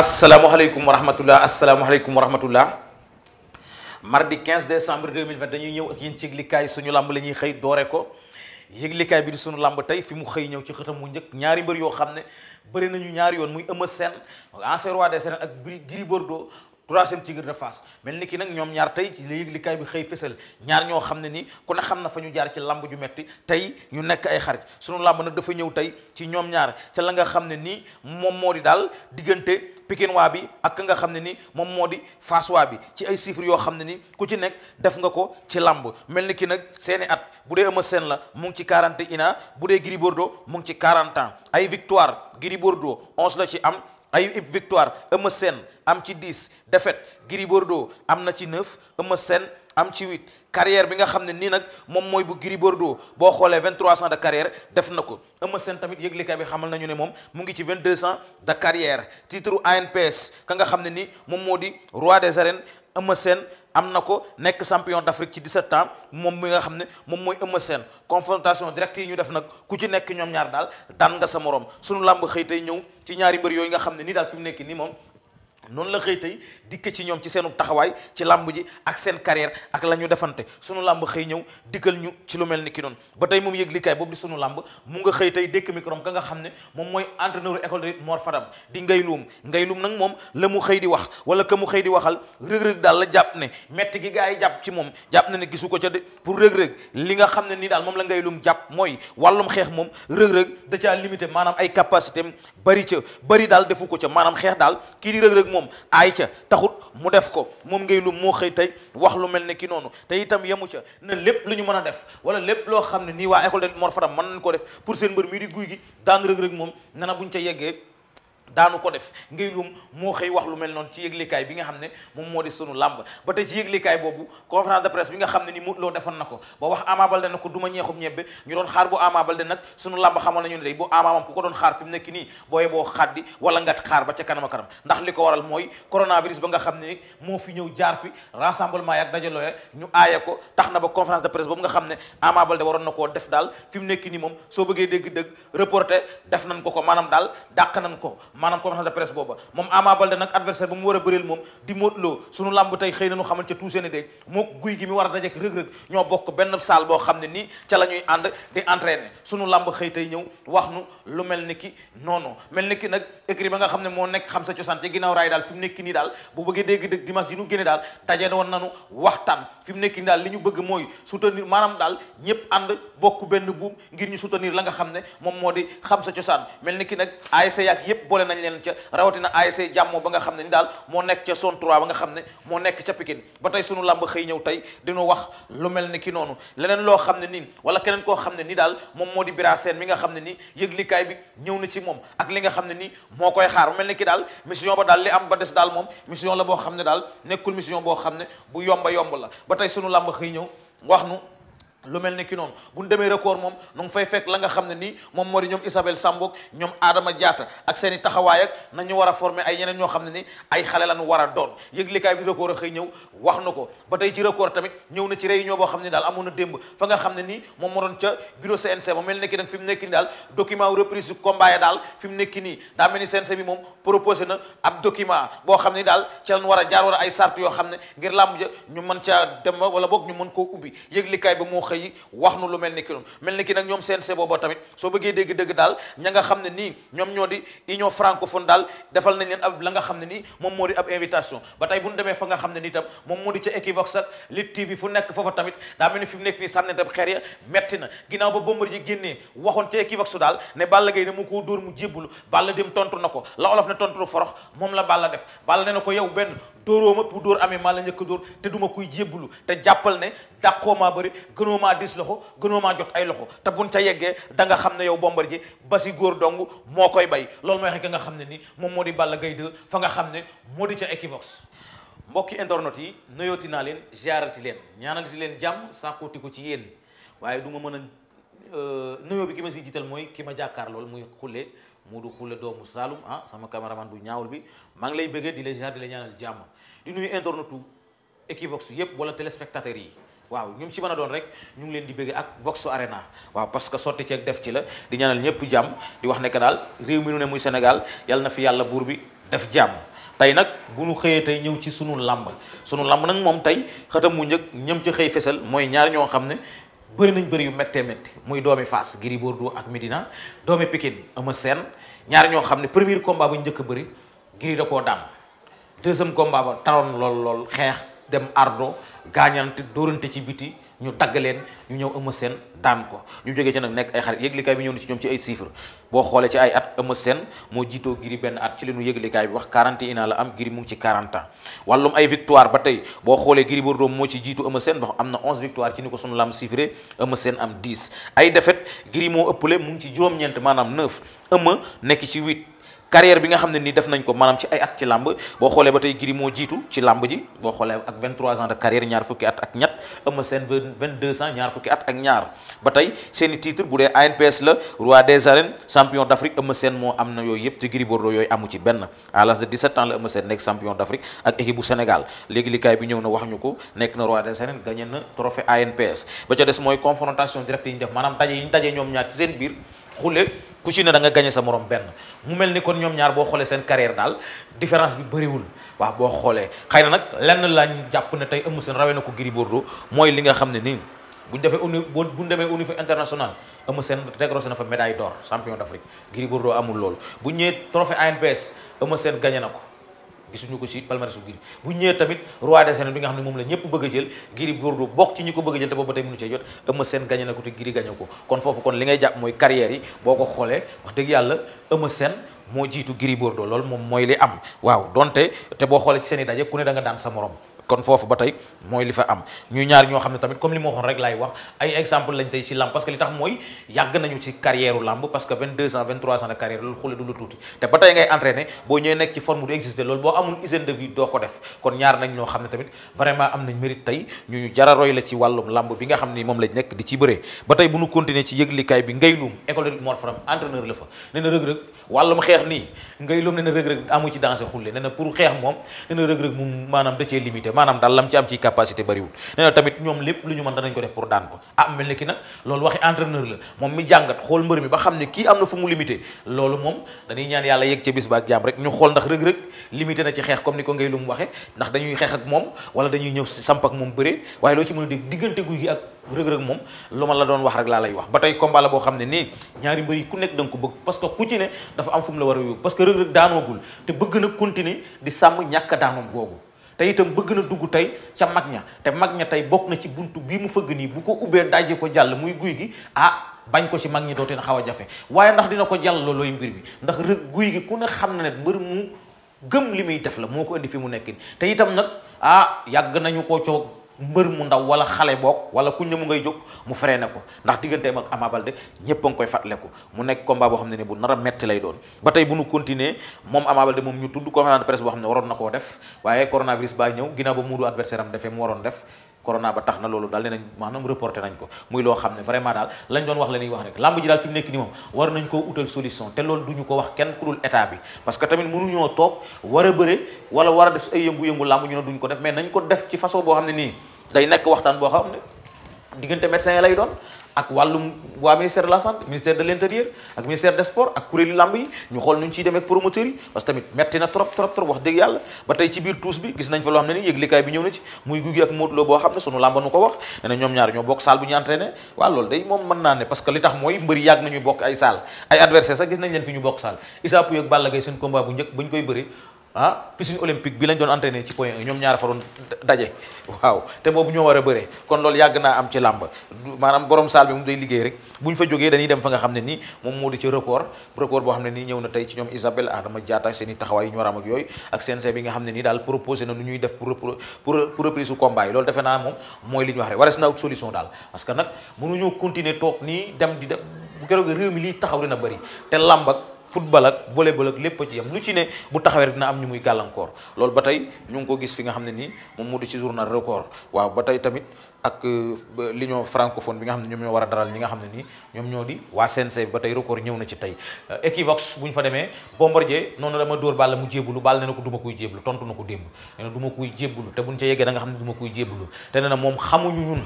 asalaamaaleykum wa rahmatulah asalaamaaleykum wa rahmatulah mardi 15 décembre 2020 dañuy ñëw ak yéen ci yëglikaay suñu làmb la ñuy xëy doore ko yëglikaay bi di suñu làmb tey fi mu xëy ñëw ci xëtam mu njëkk ñaari mbër yoo xam ne bëri nañu ñaari yoon muy Eumeu Sène ancien roi des arènes ak Gris Bordeaux troisième tigre de Fass mel ni ki nag ñoom ñaar tey ci léegi likaay bi xëy fësal ñaar ñoo xam ne ni ku ne xam na fa ñu jaar ci lamb ju metti tey ñu nekk ay xarit sunu lamb nag dafa ñëw tey ci ñoom ñaar ca la nga xam ne nii moom moo di daal diggante Pikine waa bi ak nga xam ne ni moom moo di Fass waa bi ci ay chiffres yoo xam ne ni ku ci nekk def nga ko ci lamb mel ni ki nag seeni at bu dee Eumeu seen la mu ngi ci 41 ans bu dee Gris Bordeaux mu ngi ci 40 ans ay victoire Gris Bordeaux 11 la ci am ay victoire Eumeu Sène am ci 10 défaite Gris Bordeaux am na ci 9 Eumeu Sène am ci 8 carrière bi nga xam ne nii nag moom mooy bu Gris Bordeaux boo xoolee 23 ans de carrière def na ko Eumeu Sène tamit yëglekaay bi xamal nañu ne moom mu ngi ci vingt 22 ans de carrière titre ANPS ka nga xam ne ni moom moo di roi des arènes Eumeu Sène am na ko nekk champion d'Afrique ci 17 ans moom mi nga xam ne moom mooy Eumeu Sène confrontation directe yi ñu def nag ku ci nekk ñoom ñaar daal daan nga sa morom sunu làmb xëy tey ñëw ci ñaari mbër yooyu nga xam ne nii daal fi mu nekk nii moom noonu la xëy tey dikk ci ñoom ci seenu taxawaay ci làmb ji ak seen carrière ak la ñu defante sunu làmb xëy ñëw dikkal ñu ci lu mel ni ki noonu ba tey moom yëg likaay boobu làmb mu nga xëy tey dékk microm ka nga xam ne moom mooy entraîneur école de lutte di ngay luum ngay luum nag moom la mu xëy di wax wala que mu xëy di waxal rëg-rëg daal la jàpp ne metti gi gaa yi jàpp ci moom jàpp na ne gisu ko ca de pour rëg-rëg li nga xam ne nii daal moom la ngay luum jàpp mooy wàllum xeex moom rëg-rëg da caa limité maanaam ay capacité bari ca bari daal defu ko ca maanaam xeex daal kii di moom aay ca taxut mu def ko moom ngay lu moo xëy tey wax lu mel ne ki noonu te itam yemu ca na lépp lu ñu mën a def wala lépp loo xam ni nii waa école de Mor Fadam mën nañ ko def pour seen mbër mii di guy gi daan rëg-rëg moom nana buñ ca yeggee daanu ko def ngay lum moo xëy wax lu mel noonu ci yëglikaay bi nga xam ne moom moo di sunu làmb ba tey ci yëglikaay boobu conférence de presse bi nga xam ne ni Modou loo defoon na ko ba wax Ama Baldé na ko duma ñeexum ñebbe ñu doon xaar bu Ama Baldé nag sunu làmb xamal nañu ko doon xaar fi mu nekk nii booye boo xaddi wala nga xaar ba ca kanam a kanam li ko waral mooy coronavirus ba nga xam ne moo fi ñëw jaar fi rassemblement yak dajaloo ya ñu aaye ko tax na ba conférence de presse boobu nga xam ne Ama Baldé waroon na koo def daal fi mu nekk nii moom soo bëggee dégg-dëgg reporter def nañ ko ko maanaam daal dàq nañ ko maanaam conférence de presse booba moom Ama Baldé nag adversaire ba mu war a bëreel moom di Modou Lo suñu làmb tey xëy na ñu xamal ca tout seeni déeg moo guy gi mi war a dajeek rëg-rëg ñoo bokk benn salle boo xam ne ni ca la ñuy ànd di entraîner suñu làmb xëy tey ñëw wax nu lu mel ni ki noonu mel ni ki nag écrit ba nga xam ne moo nekk xam sa cosaan ci ginnaaw raay daal fi mu nekk nii daal bu bëggee dégg dëgg dimanche daal daje woon nanu waxtaan fi mu nekk daal li ñu bëgg mooy soutenir maanaam daal ñëpp ànd bokk benn buum ngir ñu soutenir la nga xam ne moom moo di xam sa cosaan mel ni ki nag ASC yaak e yëpp boole nañ leen ca rawatina ASC jàmmoo ba nga xam ne ni daal moo nekk ca zone 3 ba nga xam ne moo nekk ca Pikine ba tey sunu làmb xëy ñëw tey dinu wax lu mel ni ki noonu leneen loo xam ne nii wala keneen koo xam ne nii daal moom moo di Bira mi nga xam ne nii yëglikaay bi ñëw na ci moom ak li nga xam ne nii moo koy xaar mel ni ki daal mission ba daal li am ba des daal moom mission la boo xam ne daal nekkul mission boo xam ne bu yomba yomb la ba tey sunu làmb xëy ñëw wax nu lu mel ni ki noonu bu ñu demee record moom nu ngi fay fekk la nga xam ne nii moom moo di ñoom Isabelle Sambok ñoom Adama Diatta ak i taxawaay ak nañu war a former ay ñeneen ñoo xam ne ni ay xale lan war a doon yëglikaay bi record a xëy ñëw wax na ko ba tey ci record tamit ñëw na ci réunion boo xam ne daal amoon na démb fa nga xam ne nii moom moo doon ca bureau CNC ba ki nag fi mu nekk daal document reprise du combat ya daal fi mu nekk ni CNC bi moom proposé na ab document boo xam ne daal ca war a jaar war ay sart yoo xam ne ngir làmb ja ñu mën caa dem wala boog ñu mën koo ubbi yëglikaay bi moo xëy wax nu lu mel ni ki noonu mel ni ki nag ñoom CNC booba tamit soo bëggee dégg dëgg daal ña nga xam ne nii ñoom ñoo di union francophone daal defal nañ leen ab la nga xam ne nii moom moo di ab invitation ba tey bu ñu demee fa nga xam ne nii tam moom moo di ca Equivox ak Lit TV fu nekk foofa tamit daa mel ni fi mu nekk nii sànni tam xeer ya metti na ginnaaw ba Bombardier ji génnee waxoon ca Equivox daal ne Balla Gaye ne mu ko dóor mu jébbulu Balla dem tontu na ko la olof ne tontu forox moom la Balla def Balla ne na ko yow benn dóoroo ma pour dóor amee maa la njëkk dóor te duma kuy jébbulu te jàppal ne dàqoo maa bëri gënoo maa dis loxo gënoo maa jot ay loxo te buñ ca yeggee da nga xam ne yow Bombardier ba si góor dong moo koy bay loolu mooy xekk nga xam ne ni moom moo di Balla Gaye 2 fa nga xam ne moo di ca Equivox mbokki internet yi noyooti naa leen ziarati leen ñaanalti leen jàmm saakooti ko ci yéen waaye du ma mën a euh, nuyoo bi ki ma si jiital mooy ki ma jàkkaar lool muy xulle mu du xulle doomu Saalum ah sama cameraman bu ñaawul bi maa ngi lay bëggee di la ziar di la ñaanal jàmm di nuyu internetu yëpp wala téléspectateurs yi waaw ñoom ci mën a doon rek ñu ngi leen di bëgg ak Vox Arena waaw parce que sotti ceeg def ci la di ñaanal ñëpp jàmm di wax nekk daal réew mi nu ne muy Sénégal yàlla na fi yàlla buur bi def jàmm tey nag bu nu xëyee tey ñëw ci sunu làmb sunu làmb nag moom tey xatam mu njëkk ñëm ci fesal mooy ñaar ñoo xam ne bëri nañ bëri yu méttee métti muy doomi Fass Gris Bordeaux ak Medina doomi Pikine Eumeu seen ñaar ñoo xam ne premier combat bu njëkk a bëri Gris da koo daan deuxième combat ba taroon lool lool xeex dem ardo gaañante dóorante ci biti ñu tagg leen ñu ñëw Eumeu Sène daan ko ñu jógee ci nag nekk ay xarit yëglikaay bi ñëw na ci ñoom ci ay chiffres boo xoolee ci ay at Eumeu Sène moo jiitoo Gris benn at ci leenu yëglikaay bi wax 41 ans la am Gris mu ci 40 ans wàllum ay victoire ba tey boo xoolee Gris Bordeaux moo ci jiitu Eumeu Sène ba am na 11 victoire ci ni ko sunu lam chiffré Eumeu Sène am 10 ay défaite Gris moo ëppale mu ngi ci juróom-ñeent maanaam 9 carrière bi nga xam ne nii def nañ ko maanaam ci ay at ci làmb boo xoolee ba tey Gris moo jiitu ci làmb ji boo xoolee ak 23 ans de carrière ñaar fukki at ak ñett Eumeu Sène 22 ans ñaar fukki ba tey seen i bu dee ANPS la roi des arènes champion d'Afrique Eumeu Sène moo am na yooyu yëpp te Gris Bordeaux yooyu amu ci benn à l'âge de 17 ans la Eumeu Sène nekk champion d'Afrique ak équipe bu Sénégal léegi likaay bi ñëw na wax ñu ko nekk na roi des arènes gagné na trophée mooy confrontation directe yi ñu ku ci ne da nga gagné sa moroom benn mu mel ni kon ñoom ñaar boo xoolee seen carrière daal différence bi bëriwul waaw boo xoolee xëy na nag lenn lañ jàpp ne tey Eumeu seen rawee na ko Gris Bordeaux mooy li nga xam ne nii buñ defee uni bu demee au niveau international Eumeu seen décroché na fa médaille d'or champion d'Afrique Gris Bordeaux amul loolu bu ñëwee trophée ANPS Eumeu seen gagné na ko gisuñu ko ci palmarès u Gris bu ñëwee tamit roi des arènes bi nga xam ne moom la ñëpp bëgg a jël Gris Bordeaux bokk ci ñi ko bëgg a jël te boobu tey mënu cee jot Eumeu Sène gagné na ko te Gris gagné ko kon foofu kon li ngay jàpp mooy carrière yi boo ko xoolee wax dëgg yàlla Eumeu Sène moo jiitu Gris Bordeaux loolu moom mooy li am waaw donte te boo xoolee ci seen i daje ku ne da nga daan sa morom kon foofu ba tey mooy li fa am ñu ñaar ñoo xam ne tamit comme li ma waxoon rek laay wax ay exemple lañ tey ci làmb parce que li tax mooy yàgg nañu ci carrière u làmb parce que 22 ans 23 ans de carrière loolu xule du lu tuuti te ba tey ngay entraîné boo ñëwee nekk ci forme du exister loolu boo amul hygiène de vie doo ko def kon ñaar nañ ñoo xam ne tamit vraiment am nañ mérite tey ñu ñu jara roy la ci wàllum làmb bi nga xam ni moom lañ nekk la fa nee na rëg-rëg wàllum xeex nii ngay luum nee na rëg-rëg amu ci dansé xulle nee maanaam daal lam ci am ci capacité bariwul nee na tamit ñoom lépp lu ñu mën danañ ko def pour daan ko ah mel ne ki nag loolu waxi entraîneur la moom mi jàngat xool mbër mi ba xam ne kii am na fu mu limité loolu moom dañuy ñaan yàlla yegg ca bis ba ak rek ñu xool ndax rëg-rëg limité na ci xeex comme ni ko ngay lu mu waxe ndax dañuy xeex ak moom wala dañuy ñëw samp ak moom bëree waaye loo ci mën a dégg diggante guy gi ak rëg-rëg moom lu ma te itam bëgg na dugg tey ca mag ña te mag ña tey bokk na ci bunt bi mu fëgg nii bu ko ubbee dajje ko jàll muy guy gi ah bañ ko ci mag ñi dooteen xaw a jafe waaye ndax dina ko jàll loolooy mbir bi ndax rëg guy gi ku ne xam na ne mbër mu gëm li muy def la moo ko indi fi mu nekkin te itam nag ah yàgg nañu ko coow mbër mu ndaw wala xale boog wala ku ñëmu ngay jóg mu ne ko ndax digganteem ak Ama Baldé ñëpp a fatale ko fàttaliku mu nekk combat boo xam ne ni bu nar a metti lay doon ba tey bu nu continuer moom Ama Baldé moom ñu tudd conférence de presse boo xam ne waroon na koo def waaye coronavirus baa ñëw ginnaaw ba muudu adversaire am defee mu waroon def corona ba tax na loolu daal ne nañ maanaam reporté nañ ko muy loo xam ne vraiment daal lañ doon wax la ñuy wax rek làmb ji daal fi mu nekk ni moom war nañ koo utal solution te loolu duñu ko wax kenn ku dul état bi parce que tamit mënuñoo toog war a bëre wala war a def ay yëngu-yëngu làmb ñu ne duñ ko def mais nañ ko def ci façon boo xam ne nii day nekk waxtaan boo xam ne diggante médecin yi lay doon ak wàllum waa ministère de la santé ministère de l' ak ministère des sports ak kuréelu làmb yi ñu xool nu ñu ciy demee ak promoteurs yi parce que tamit metti na trop trop trop wax dëgg yàlla ba tey ci biir tuus bi gis nañ fa loo xam ne ni yëglikaay bi ñëw na ci muy Gouye ak Modou boo xam ne sunu làmba nu ko wax ne na ñoom ñaar ñoo bokk salle bu ñu entraîné waaw loolu day moom mën naa ne parce que li tax mooy mbëri yàgg nañuy bokk ay salle ay a sax gis nañ leen ah piscine olympique bi lañ doon entraîné ci point ñoom ñaar fa doon daje waaw te boobu ñoo war a bëree kon loolu yàgg naa am ci làmb maanaam borom saal bi mu day liggéey rek bu ñu fa jógee dañuy dem fa nga xam ne nii moom moo di ci record record boo xam ne nii ñëw na tey ci ñoom Isabelle Adama Diatta seen i taxawaay yi ñu war a am ak yooyu ak CNG bi nga xam ne nii daal proposé na nu ñuy def pour pour pour reprise su combat yi defe naa moom mooy li ñu wax rek warees na ut solution daal parce que nag mënuñoo mi liy taxaw dina bëri te làmb ak football ak volleyball ak lépp ci yam lu ci ne bu taxawee rek dina am ñu muy gàllankoor loolu ba tey ñu ngi ko gis fi nga xam ne nii moom moo di ci journal record waaw ba tey tamit ak euh, l'union francophone bi nga xam ne ñoom ñoo war a daral ñi nga xam ne nii ñoom ñoo di waa CNG ba tey record ñëw na ci tey euh, Equivox bu ñu fa demee Bombardier noonu dama dóor Balla mu jébbalu Balla ne na ko du ma koy jébbalu tontu na ko démb nee na du ma koy jébbalu te buñ ca yeggee da nga xam ne du ma koy jébbalu te nee na moom xamuñu ñun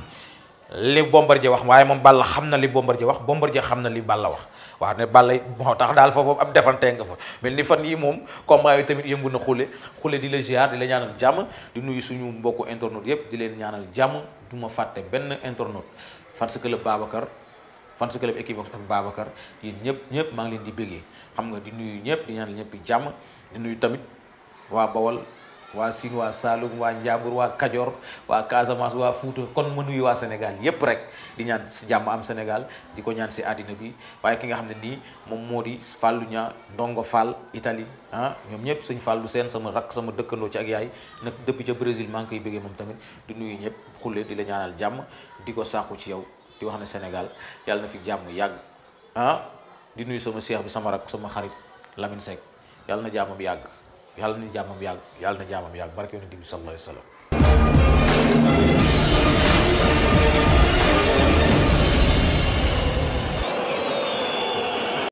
li Bombardier wax waaye moom Balla xam na li Bombardier wax Bombardier xam na li Balla wax waaw ne Balla moo tax daal foofu ab defante nga fa mel ni fan yi moom combat yi tamit yëngu na xule xule di la ziar di la ñaanal jàmm di nuyu suñu mbokku internautes yëpp di leen ñaanal jàmm du ma fàtte benn internaute fans club fan fans club Equivox ak Babacar yéen ñëpp ñëpp maa ngi leen di bëggee xam nga di nuyu ñëpp di ñaanal ñëpp jàmm di nuyu tamit waa Bawol waa Sine waa Saloum waa Ndiambour waa Kajoor waa Casamance waa Fuuta kon ma nuyu waa Sénégal yépp rek di ñaan si jàmm am Sénégal di ko ñaan si àddina bi waaye ki nga xam ne nii moom moo di Fallou Nia Ndongo Fall Italie ah ñoom ñëpp suñ Fallou seen sama rakk sama dëkkandoo ci ak yaay nag depuis ca Brésil maa ngi koy bëggee moom tamit di nuyu ñëpp xulle di la ñaanal jàmm di ko sàkku ci yow di wax na Sénégal yàlla na fi jàmm yàgg ah di nuyu sama seex bi sama rakk sama xarit Lamine Seck yàlla na jàmm bi yàgg yàlla na jàmmam yàgg yàlla na jàmmam yàgg barke yonent bi sallallahu alayhi wa sallam